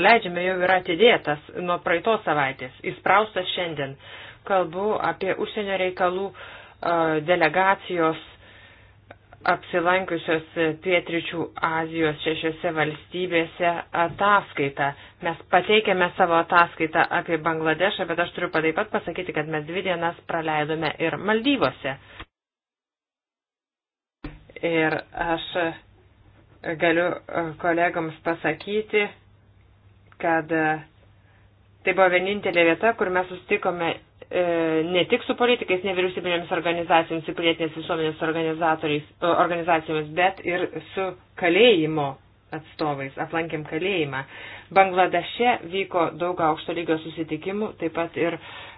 leidžiame jau yra atidėtas nuo praeitos savaitės, įspraustas šiandien. Kalbu apie užsienio reikalų delegacijos apsilankiusios pietričių Azijos šešiose valstybėse ataskaitą. Mes pateikėme savo ataskaitą apie Bangladešą, bet aš turiu taip pat pasakyti, kad mes dvi dienas praleidome ir Maldyvose. Ir aš galiu kolegams pasakyti, kad e, tai buvo vienintelė vieta, kur mes sustikome e, ne tik su politikais, nevyriausybinėmis organizacijomis ir pilietinės visuomenės e, organizacijomis, bet ir su kalėjimo atstovais, aplankėm kalėjimą. Bangladeše vyko daug aukšto lygio susitikimų, taip pat ir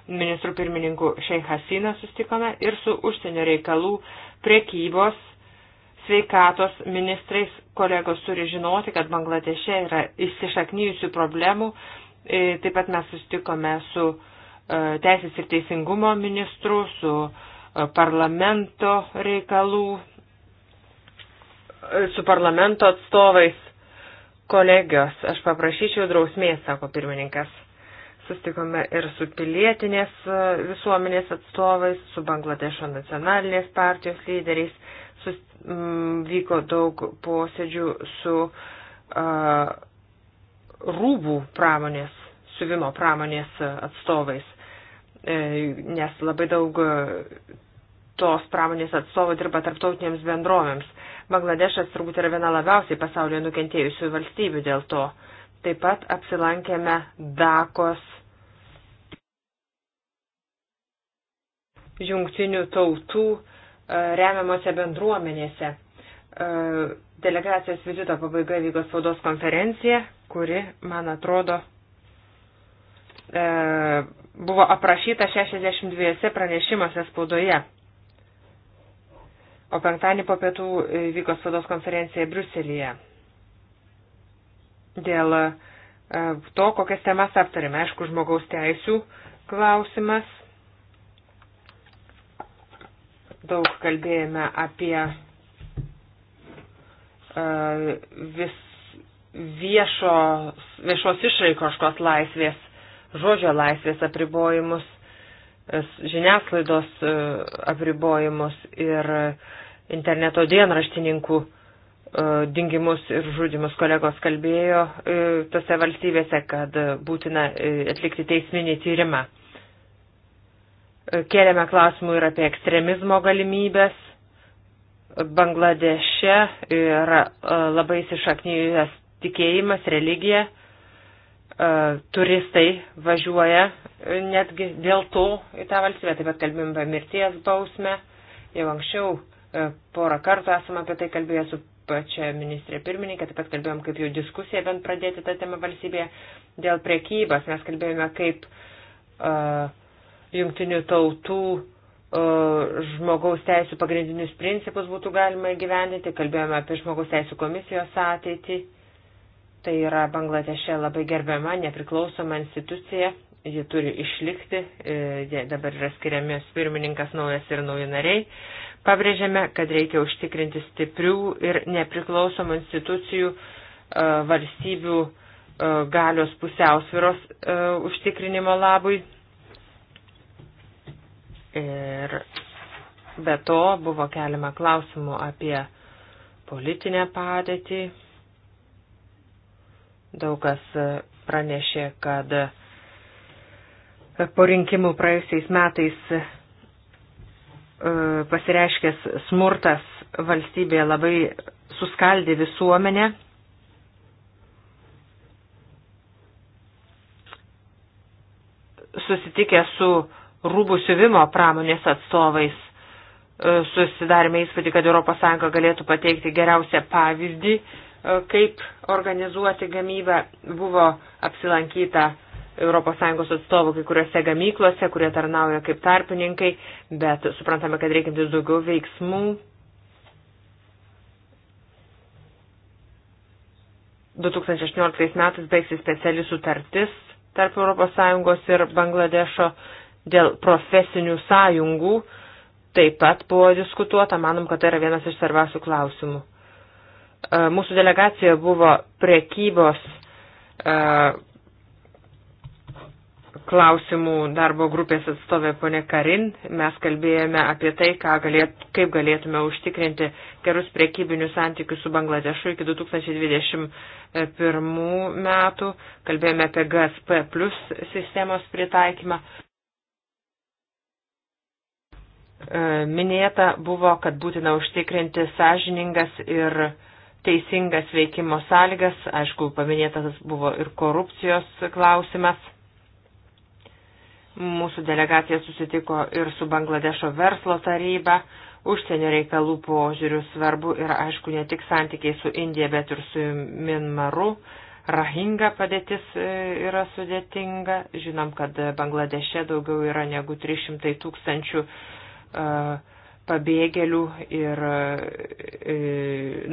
ministrų pirmininkų Šeik Hasiną sustikome ir su užsienio reikalų, prekybos, sveikatos ministrais kolegos turi žinoti, kad Bangladeše yra įsišaknyjusių problemų. E, taip pat mes sustikome su e, Teisės ir Teisingumo ministru, su e, parlamento reikalų, su parlamento atstovais kolegijos. Aš paprašyčiau drausmės, sako pirmininkas. Sustikome ir su pilietinės visuomenės atstovais, su Bangladešo nacionalinės partijos lyderiais sus, m, mm, vyko daug posėdžių su a, rūbų pramonės, siuvimo pramonės atstovais, e, nes labai daug e, tos pramonės atstovų dirba tarptautinėms bendrovėms. Bangladešas turbūt yra viena labiausiai pasaulyje nukentėjusių valstybių dėl to. Taip pat apsilankėme Dakos jungtinių tautų E, remiamose bendruomenėse. E, delegacijos vizito pabaiga vyko spaudos konferencija, kuri, man atrodo, e, buvo aprašyta 62 pranešimuose spaudoje. O penktadienį po pietų vyko spaudos konferencija Bruselėje. Dėl to, kokias temas aptarėme, aišku, žmogaus teisų klausimas, daug kalbėjome apie e, vis viešo, viešos išraiškos laisvės, žodžio laisvės apribojimus, e, žiniasklaidos e, apribojimus ir interneto dienraštininkų dingimus ir žudimus. Kolegos kalbėjo tose valstybėse, kad būtina atlikti teisminį tyrimą. Kėlėme klausimų ir apie ekstremizmo galimybės. Bangladeše yra e, labai įsišaknyjęs tikėjimas, religija. E, turistai važiuoja e, netgi dėl to į tą valstybę. Taip pat kalbėjom apie mirties bausmę. Jau anksčiau porą kartų esame apie tai kalbėję su pačia ministrė pirmininkė, taip pat kalbėjom, kaip jau diskusiją bent pradėti tą temą valstybėje dėl priekybos. Mes kalbėjome, kaip uh, jungtinių tautų e, žmogaus teisų pagrindinius principus būtų galima įgyvendinti, kalbėjome apie žmogaus teisų komisijos ateitį. Tai yra Bangladeše labai gerbiama, nepriklausoma institucija, ji turi išlikti, e, jie dabar yra skiriamas pirmininkas naujas ir nauji nariai. Pabrėžiame, kad reikia užtikrinti stiprių ir nepriklausomų institucijų e, valstybių galios pusiausviros užtikrinimo labui Ir be to buvo keliama klausimų apie politinę padėtį. Daug kas pranešė, kad po rinkimų praėjusiais metais e, pasireiškęs smurtas valstybėje labai suskaldė visuomenę. Susitikę su uh, rūbų siuvimo pramonės atstovais e, susidarėme įspūdį, kad ES galėtų pateikti geriausią pavyzdį, e, kaip organizuoti gamybą. Buvo apsilankyta ES atstovų kai kuriuose gamyklose, kurie tarnauja kaip tarpininkai, bet suprantame, kad reikintis daugiau veiksmų. 2018 metais baigsis speciali sutartis tarp ES ir Bangladešo Dėl profesinių sąjungų taip pat buvo diskutuota, manom, kad tai yra vienas iš svarbiausių klausimų. E, mūsų delegacija buvo prekybos e, klausimų darbo grupės atstovė ponė Karin. Mes kalbėjome apie tai, galėt, kaip galėtume užtikrinti gerus priekybinius santykius su Bangladešu iki 2021 metų. Kalbėjome apie GSP plus sistemos pritaikymą. E, minėta buvo, kad būtina užtikrinti sąžiningas ir teisingas veikimo sąlygas. Aišku, paminėtas buvo ir korupcijos klausimas. Mūsų delegacija susitiko ir su Bangladešo verslo taryba. Užsienio reikalų požiūrių svarbu yra, aišku, ne tik santykiai su Indija, bet ir su Minmaru. Rahinga padėtis e, yra sudėtinga. Žinom, kad Bangladeše daugiau yra negu 300 tūkstančių 000 pabėgėlių ir e,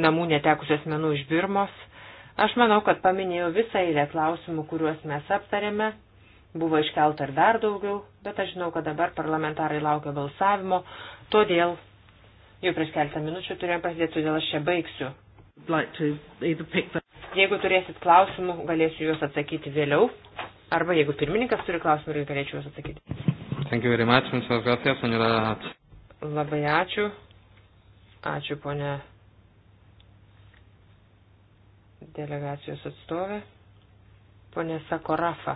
namų netekusių asmenų iš Birmos. Aš manau, kad paminėjau visą eilę klausimų, kuriuos mes aptarėme. Buvo iškelta ir dar daugiau, bet aš žinau, kad dabar parlamentarai laukia balsavimo, todėl jau prieš keltą minučių turėjom prasidėti, todėl aš čia baigsiu. Jeigu turėsit klausimų, galėsiu juos atsakyti vėliau, arba jeigu pirmininkas turi klausimų, galėčiau juos atsakyti. Thank you very much. Muchas gracias, señora. Labai ačiū. Ačiū, ponė delegacijos atstovė. Ponė Sakorafa.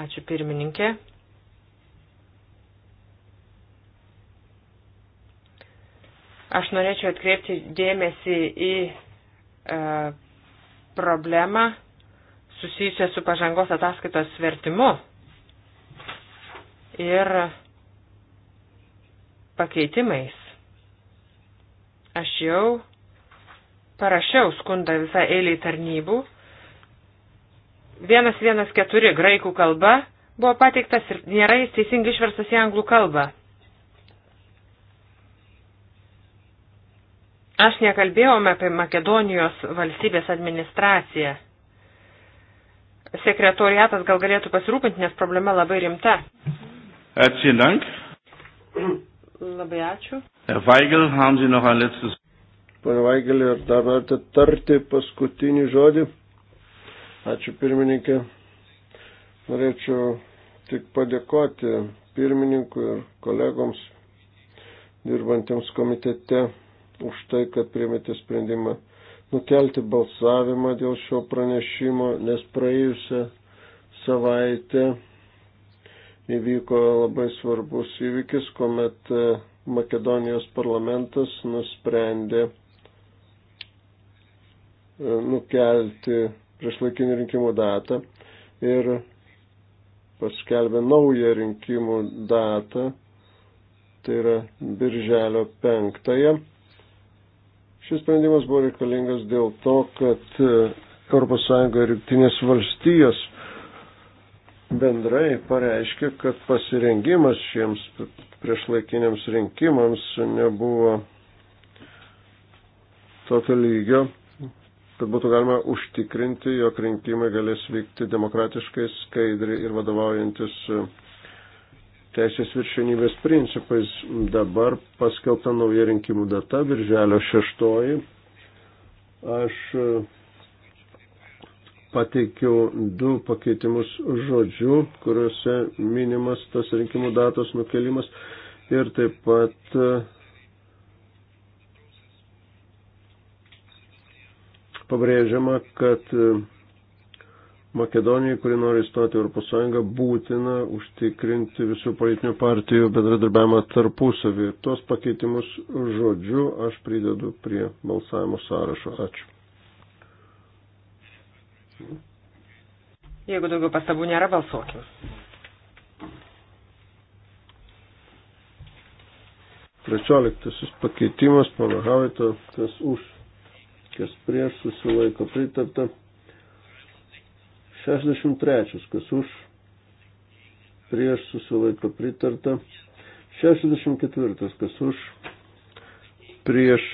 Ačiū pirmininkė. Aš norėčiau atkreipti dėmesį į e, problemą susijusią su pažangos ataskaitos vertimu ir pakeitimais. Aš jau parašiau skundą visą eilį tarnybų. 114 graikų kalba buvo pateiktas ir nėra jis teisingai išverstas į anglų kalbą. Aš nekalbėjome apie Makedonijos valstybės administraciją. Sekretoriatas gal galėtų pasirūpinti, nes problema labai rimta. Herzlichen Dank. Labai ačiū. Herr Weigel, haben Sie noch ein letztes? Pane Vaigelį, ar dar norite tarti paskutinį žodį? Ačiū pirmininkė. Norėčiau tik padėkoti pirmininkui ir kolegoms dirbantiems komitete už tai, kad priemėte sprendimą nukelti balsavimą dėl šio pranešimo, nes praėjusią savaitę įvyko labai svarbus įvykis, kuomet e, Makedonijos parlamentas nusprendė e, nukelti priešlaikinį rinkimų datą ir paskelbė naują rinkimų datą, tai yra birželio penktąją. Šis sprendimas buvo reikalingas dėl to, kad ES ir Junktinės valstijos bendrai pareiškė, kad pasirengimas šiems priešlaikiniams rinkimams nebuvo tokio lygio, kad būtų galima užtikrinti, jog rinkimai galės vykti demokratiškai, skaidriai ir vadovaujantis teisės viršenybės principais. Dabar paskelbta nauja rinkimų data, birželio šeštoji. Aš pateikiau du pakeitimus žodžių, kuriuose minimas tas rinkimų datos nukelimas ir taip pat e, pabrėžiama, kad e, Makedonijai, kuri nori įstoti Europos Sąjungą, būtina užtikrinti visų politinių partijų bendradarbiavimą tarpusavį. Tuos pakeitimus žodžiu aš pridedu prie balsavimo sąrašo. Ačiū. Jeigu daugiau pastabų nėra, balsuokim. Trečioliktasis pakeitimas, pana Havito, kas už, kas prieš, susilaiko pritarta. 63, kas už, prieš, susilaiko pritarta. 64, kas už, prieš,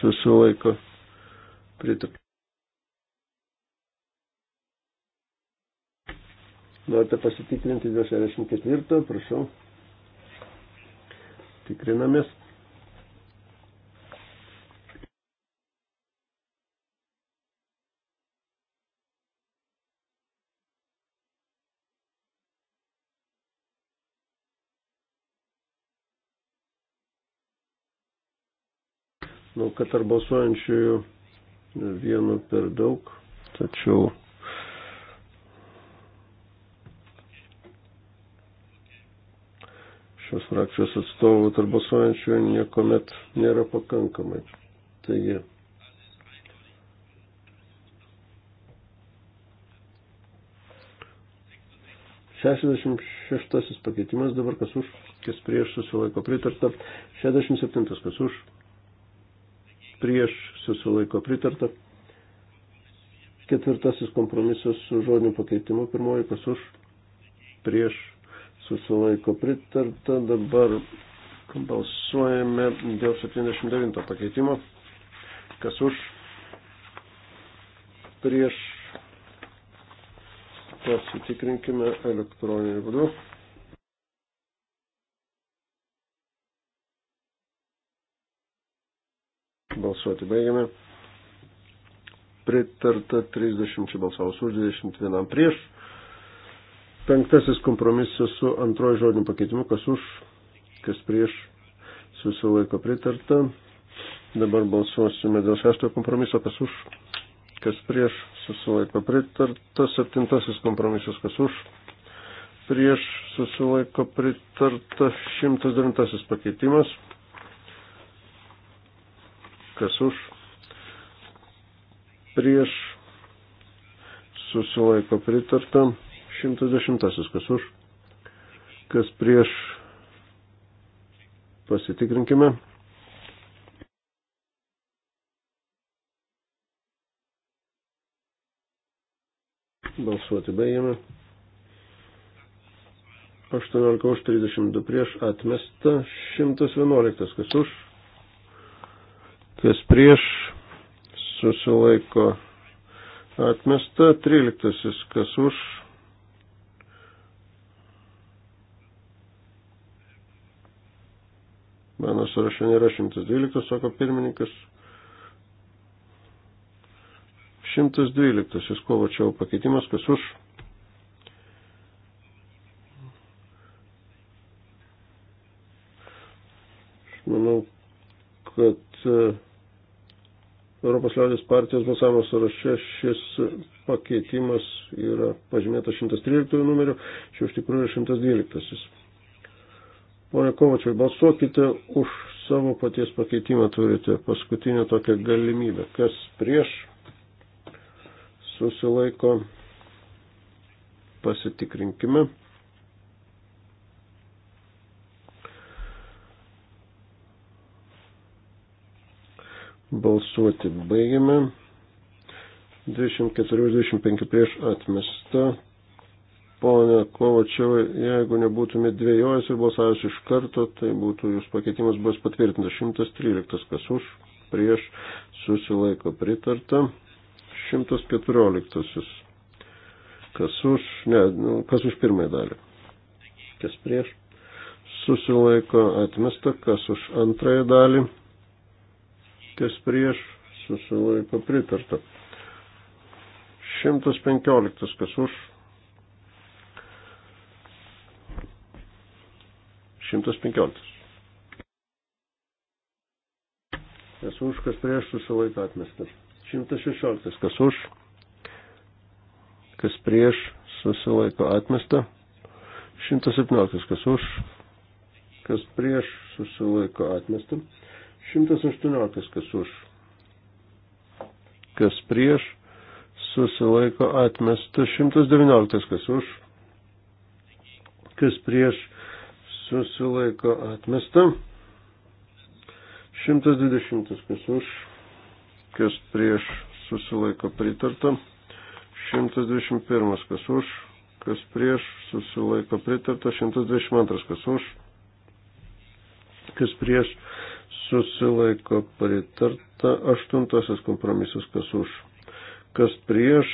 susilaiko pritarta. Norite pasitikrinti 64, prašau. Tikrinamės. Nu, kad ar balsuojančiųjų vienu per daug, tačiau frakcijos atstovų tarp balsuojančių niekuomet nėra pakankamai. Taigi. Šešiasdešimt šeštasis pakeitimas dabar kas už, kas prieš susilaiko pritarta. Šešiasdešimt septintas kas už, prieš susilaiko pritarta. Ketvirtasis kompromisas su žodiniu pakeitimu pirmoji kas už, prieš susilaiko pritarta. Dabar balsuojame dėl 79 pakeitimo. Kas už? Prieš. Pasitikrinkime elektroniniu būdu. Balsuoti baigiame. Pritarta 30 balsavus už 21 prieš. Penktasis kompromisas su antroji žodiniu pakeitimu, kas už, kas prieš, susilaiko pritarta. Dabar balsuosime dėl šeštojo kompromiso, kas už, kas prieš, susilaiko pritarta. Septintasis kompromisas, kas už, prieš, susilaiko pritarta. Šimtas devintasis pakeitimas, kas už, prieš, susilaiko pritarta. 110. Kas už? Kas prieš? Pasitikrinkime. Balsuoti baigiame. 18 už 32 prieš atmesta 111. Kas už? Kas prieš? Susilaiko atmesta 13. Kas už? Mano sąrašo nėra 112, sako pirmininkas. 112, jis kovo čia pakeitimas, kas už. Aš manau, kad e, Europos liaudės partijos balsavimo sąraše šis pakeitimas yra pažymėtas 113 numeriu, čia iš tikrųjų 112. Pone Kovačiai, balsuokite už savo paties pakeitimą, turite paskutinę tokią galimybę. Kas prieš susilaiko, pasitikrinkime. Balsuoti baigiame. 24-25 prieš atmesta, Pone Kovačiau, jeigu nebūtumėte dvėjojęs ir balsavęs iš karto, tai būtų jūs pakeitimas bus patvirtintas. 113 kas už, prieš, susilaiko pritarta. 114 kas už, ne, nu, kas už pirmąją dalį. Kas prieš, susilaiko atmesta, kas už antrąją dalį. Kas prieš, susilaiko pritarta. 115 kas už 115. Kas už, kas prieš susilaiko atmestas. 116. Kas už, kas prieš susilaiko atmesta. 117. Kas už, kas prieš susilaiko atmesta. 118. Kas už, kas prieš susilaiko atmesta. 119. Kas už, kas prieš susilaiko atmesta. 120 kas už, kas prieš susilaiko pritarta. 121 kas už, kas prieš susilaiko pritarta. 122 kas už, kas prieš susilaiko pritarta. Aštuntasis kompromisas kas už, kas prieš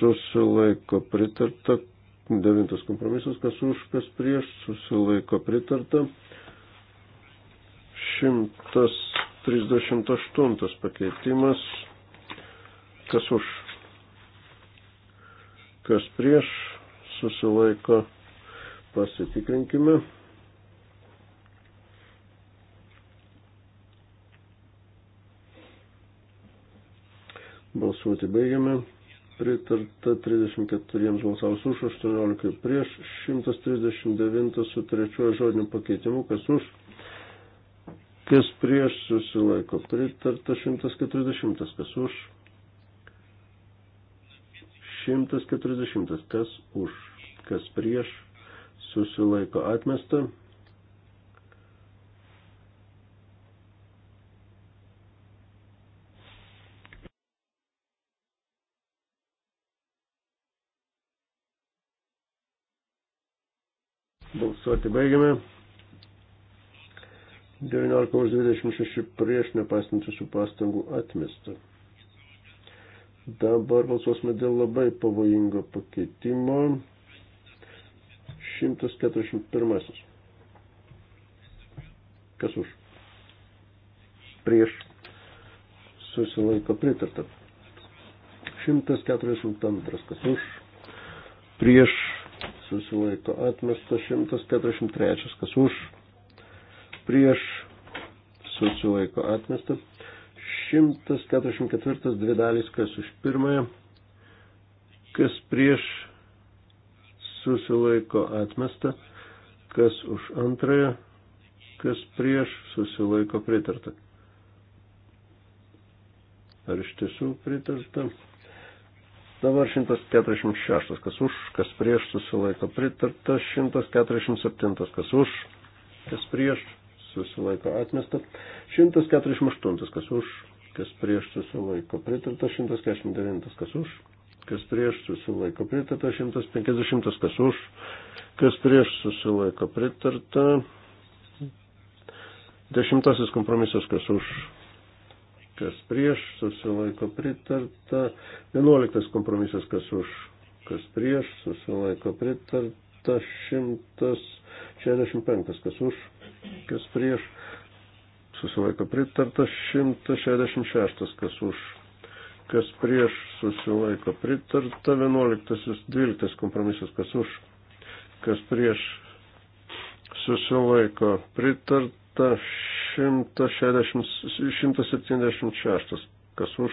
susilaiko pritarta. Devintas kompromisas, kas už, kas prieš, susilaiko pritarta. 138 pakeitimas, kas už, kas prieš, susilaiko pasitikrinkime. Balsuoti baigiame pritarta 34 balsavus už, 18 prieš, 139 su trečiuoju žodiniu pakeitimu, kas už, kas prieš susilaiko, pritarta 140, kas už, 140, kas už, kas prieš susilaiko, atmesta Balsuoti baigiame. 19 už 26 prieš nepaisant visų pastangų atmesta. Dabar balsuosime dėl labai pavojingo pakeitimo. 141. Kas už? Prieš susilaiko pritarta. 142. Kas už? Prieš susilaiko atmesta 143, kas už, prieš susilaiko atmesta 144, dvi dalys, kas už pirmąją, kas prieš susilaiko atmesta, kas už antrąją, kas prieš susilaiko pritarta. Ar iš tiesų pritarta? Dabar 146, kas už, kas prieš susilaiko pritarta, 147, kas už, kas prieš susilaiko atmesta, 148, kas už, kas prieš susilaiko pritarta, 149, kas už, kas prieš susilaiko pritarta, 150, kas už, kas prieš susilaiko pritarta, dešimtasis kompromisas, kas už, kas prieš, susilaiko pritarta. 11 kompromisas, kas už, kas prieš, susilaiko pritarta. 165, kas už, kas prieš, susilaiko pritarta. 166, kas už, kas prieš, susilaiko pritarta. 11, 12 kompromisas, kas už, kas prieš, susilaiko pritarta atmesta 160, 176. Kas už,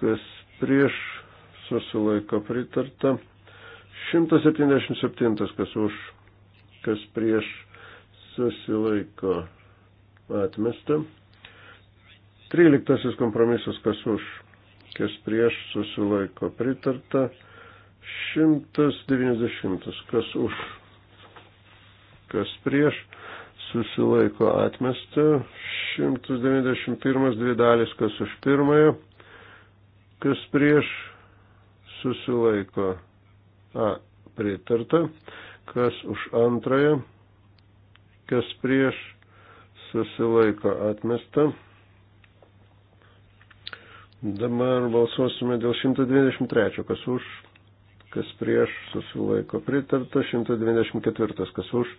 kas prieš, susilaiko pritarta. 177. Kas už, kas prieš, susilaiko atmesta. 13. Kompromisas. Kas už, kas prieš, susilaiko pritarta. 190. Kas už, kas prieš, susilaiko atmesta. 191 dvi dalis, kas už pirmąją, kas prieš susilaiko A, pritarta, kas už antrąją, kas prieš susilaiko atmesta. Dabar balsuosime dėl 123, kas už, kas prieš susilaiko pritarta, 124, kas už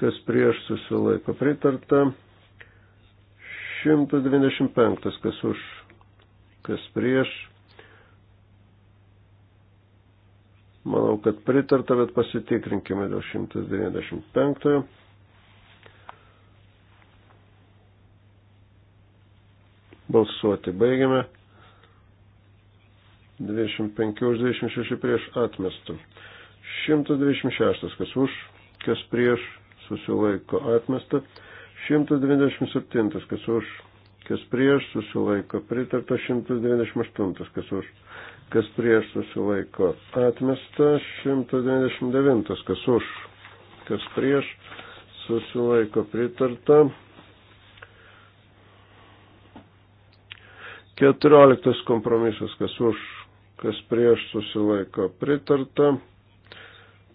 kas prieš susilaiko pritarta. 195, kas už, kas prieš. Manau, kad pritarta, bet pasitikrinkime dėl 195. Balsuoti baigiame. 25 už 26 prieš atmestų. 126, kas už, kas prieš susilaiko atmesta. 197, kas už, kas prieš susilaiko pritarta. 198, kas už, kas prieš susilaiko atmesta. 199, kas už, kas prieš susilaiko pritarta. 14 kompromisas, kas už, kas prieš susilaiko pritarta.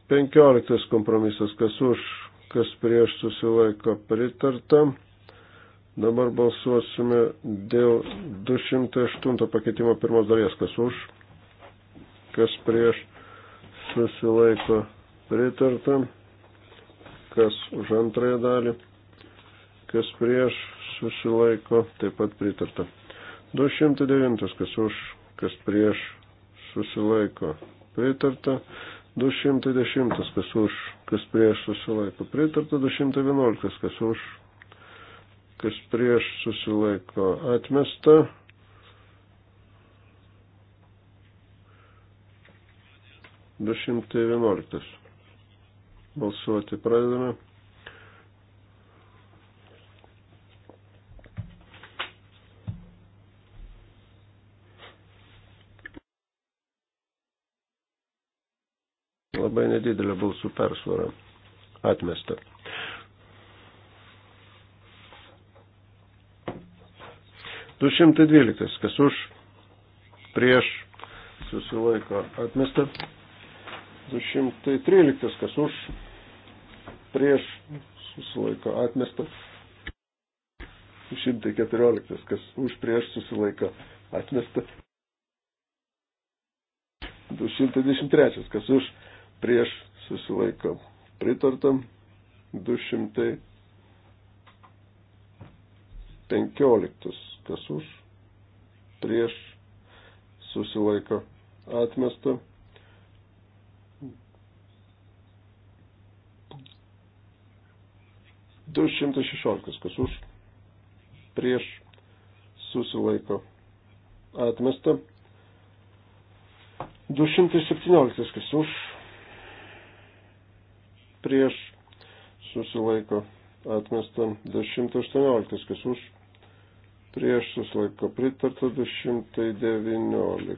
15 kompromisas, kas už, kas prieš susilaiko pritarta. Dabar balsuosime dėl 208 pakeitimo pirmos dalies, kas už, kas prieš susilaiko pritarta, kas už antrąją dalį, kas prieš susilaiko taip pat pritarta. 209, kas už, kas prieš susilaiko pritarta. 210, kas už, kas prieš susilaiko. Pritarta 211, kas už, kas prieš susilaiko. Atmesta. Du šimtai vienuoliktas. Balsuoti pradedame. labai nedidelė balsų persvara atmesta. Du šimtai dvyliktas, kas už, prieš, susilaiko atmesta. Du šimtai tryliktas, kas už, prieš, susilaiko atmesta. 114, kas už prieš susilaiko atmesta. 223, kas už prieš susilaiko pritarta. 215 kas už prieš susilaiko atmesta. Du šimtai šešioliktas, kas už, prieš, susilaiko, atmesta. Du šimtai septynioliktas, kas už, prieš susilaiko atmesta 218, kas už prieš susilaiko pritarta 219,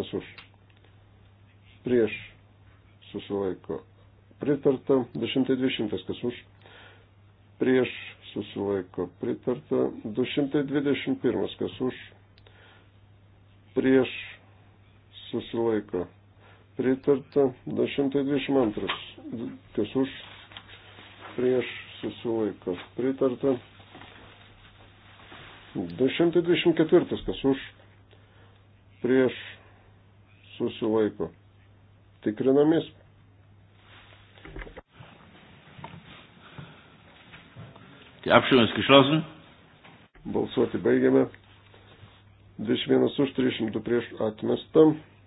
kas už prieš susilaiko pritarta 220, kas už prieš susilaiko pritarta 221, kas už prieš susilaiko. Pritarta 222. Kas už, prieš susilaiko. Pritarta 224. Kas už, prieš susilaiko. Tikrinamis. Die Abstimmung ist geschlossen. Balsuoti baigiame. 21 už 300 prieš atmestą.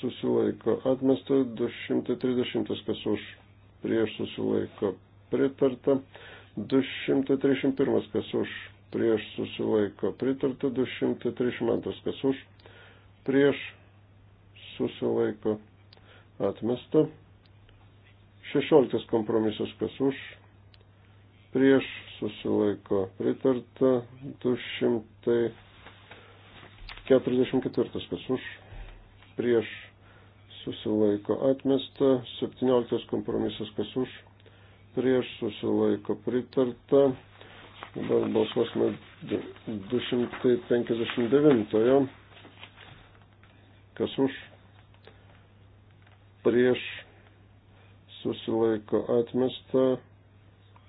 susilaiko atmesta, 230 kas už prieš susilaiko pritarta, 231 kas už prieš susilaiko pritarta, 232 kas už prieš susilaiko atmesta, 16 kompromisas kas už prieš susilaiko pritarta, 244 kas už prieš susilaiko atmesta, 17 kompromisas kas už, prieš susilaiko pritarta, dabar balsuosime 259, kas už, prieš susilaiko atmesta,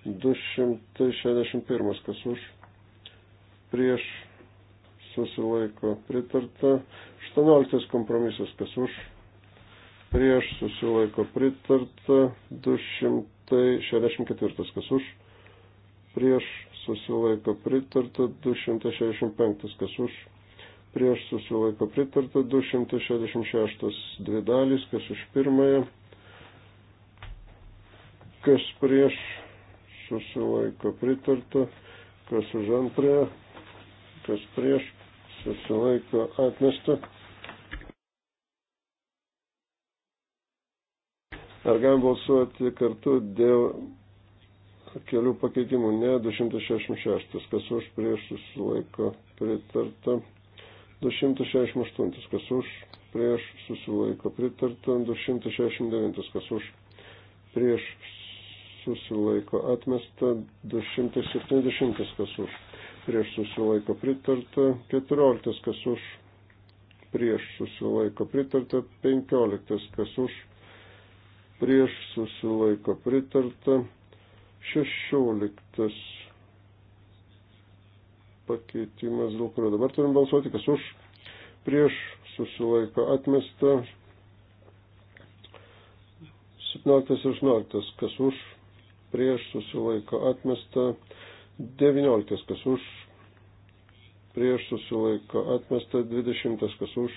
261 kas už, prieš susilaiko pritarta, 18 kompromisas kas už prieš susilaiko pritarta 264, kas už, prieš susilaiko pritarta 265, kas už, prieš susilaiko pritarta 266, dvi dalys, kas už pirmąją, kas prieš susilaiko pritarta, kas už antrąją, kas prieš susilaiko atmesta. Ar galim balsuoti kartu dėl kelių pakeitimų? Ne, 266, kas už prieš susilaiko pritarta. 268, kas už prieš susilaiko pritarta. 269, kas už prieš susilaiko atmesta. 270, kas už prieš susilaiko pritarta. 14, kas už prieš susilaiko pritarta. 15, kas už prieš prieš susilaiko pritarta. 16 pakeitimas, dėl kurio dabar turim balsuoti, kas už, prieš susilaiko atmesta. 17 ir 18, kas už, prieš susilaiko atmesta. 19, kas už, prieš susilaiko atmesta. 20, kas už,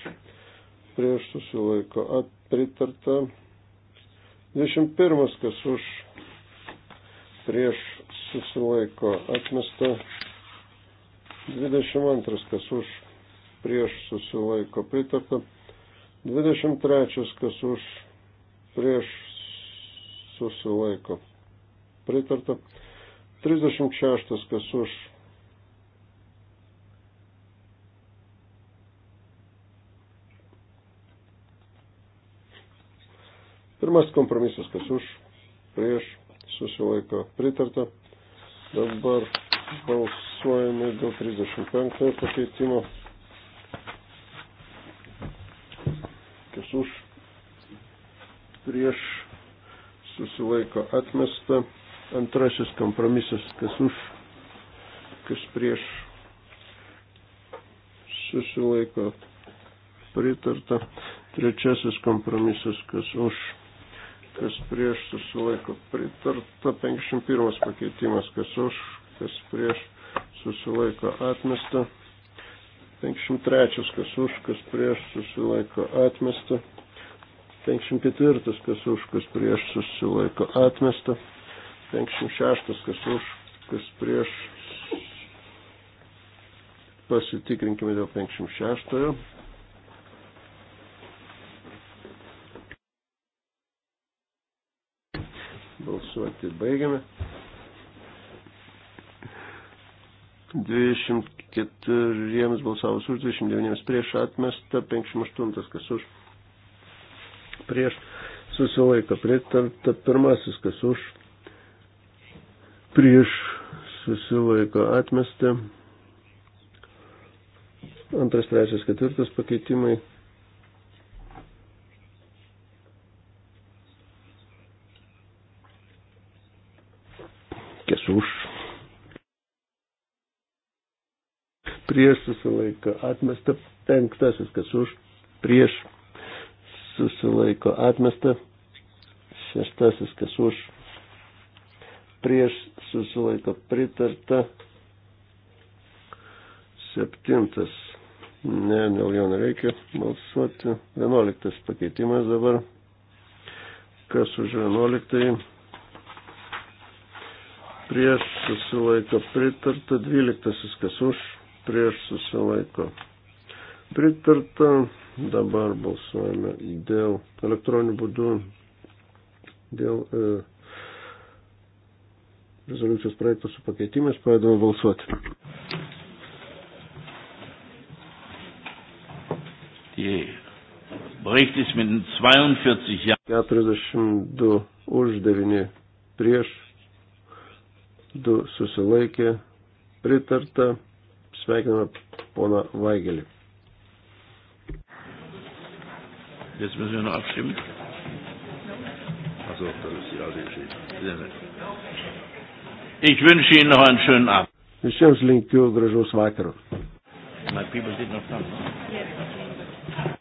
prieš susilaiko at, pritarta. 21. Kas už prieš susilaiko atmesta. 22. Kas už prieš susilaiko pritarta. 23. Kas už prieš susilaiko pritarta. 36. Kas už Pirmas kompromisas, kas už, prieš, susilaiko pritarta. Dabar balsuojame dėl 35 pakeitimo. Kas už, prieš, susilaiko atmesta. Antrasis kompromisas, kas už, kas prieš, susilaiko pritarta. Trečiasis kompromisas, kas už kas prieš susilaiko pritarta, 51 pakeitimas, kas už, kas prieš susilaiko atmesta, 53 kas už, kas prieš susilaiko atmesta, 54 kas už, kas prieš susilaiko atmesta, 56 kas už, kas prieš pasitikrinkime dėl 56. Balsuoti baigiame. 24 balsavus už, 29 prieš atmestą, 58 kas už. Prieš susilaiko pritarta, pirmasis kas už. Prieš susilaiko atmestą. Antras, trečias, ketvirtas pakeitimai prieš susilaiko atmesta, penktasis kas už, prieš susilaiko atmesta, šeštasis kas už, prieš susilaiko pritarta, septintas, ne, dėl jo nereikia balsuoti, vienuoliktas pakeitimas dabar, kas už vienuoliktąjį prieš susilaiko pritarta, dvyliktasis kas už, prieš susilaiko. Pritarta, dabar balsuojame dėl elektroninių būdų, dėl e, rezoliucijos projekto su pakeitimais, pradedame balsuoti. Die Bericht ist mit 42 Jahren. 42 už 9 prieš, 2 susilaikė, pritarta. Sveikiname poną Vaigelį. Jetzt müssen wir noch abstimmen. Achso, das ist die alte Geschichte. Ich wünsche Ihnen noch einen schönen Abend. Visiems linkiu gražaus vakaro. My people did not come. Yes.